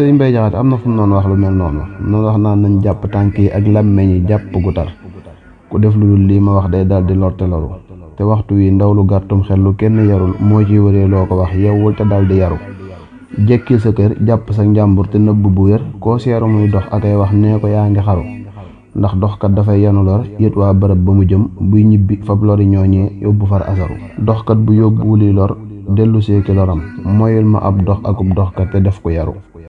sëriñ Mbay Jaxate amna na fu mu wax lu mel wax noonu wax na nañ japp tanki ak làmmeñ yi jàpp gu tar ku def lu li ma wax day dal di lorté te té waxtu wi ndaw lu gàttum xel lu kenn yarul mo ci wéré loko wax yewul te dal di yaru jekki sa kër japp sa njambur té nëbb bu yer ko séru muy dox akay wax nee ko yaa xaru ndax da fay yanu lor yit wa bërëb ba mu jëm bu ñibbi fa lori ñooñee yóbbu far dox kat bu li lor sé seeki loram moyel ma ab dox dox kat té def ko yaru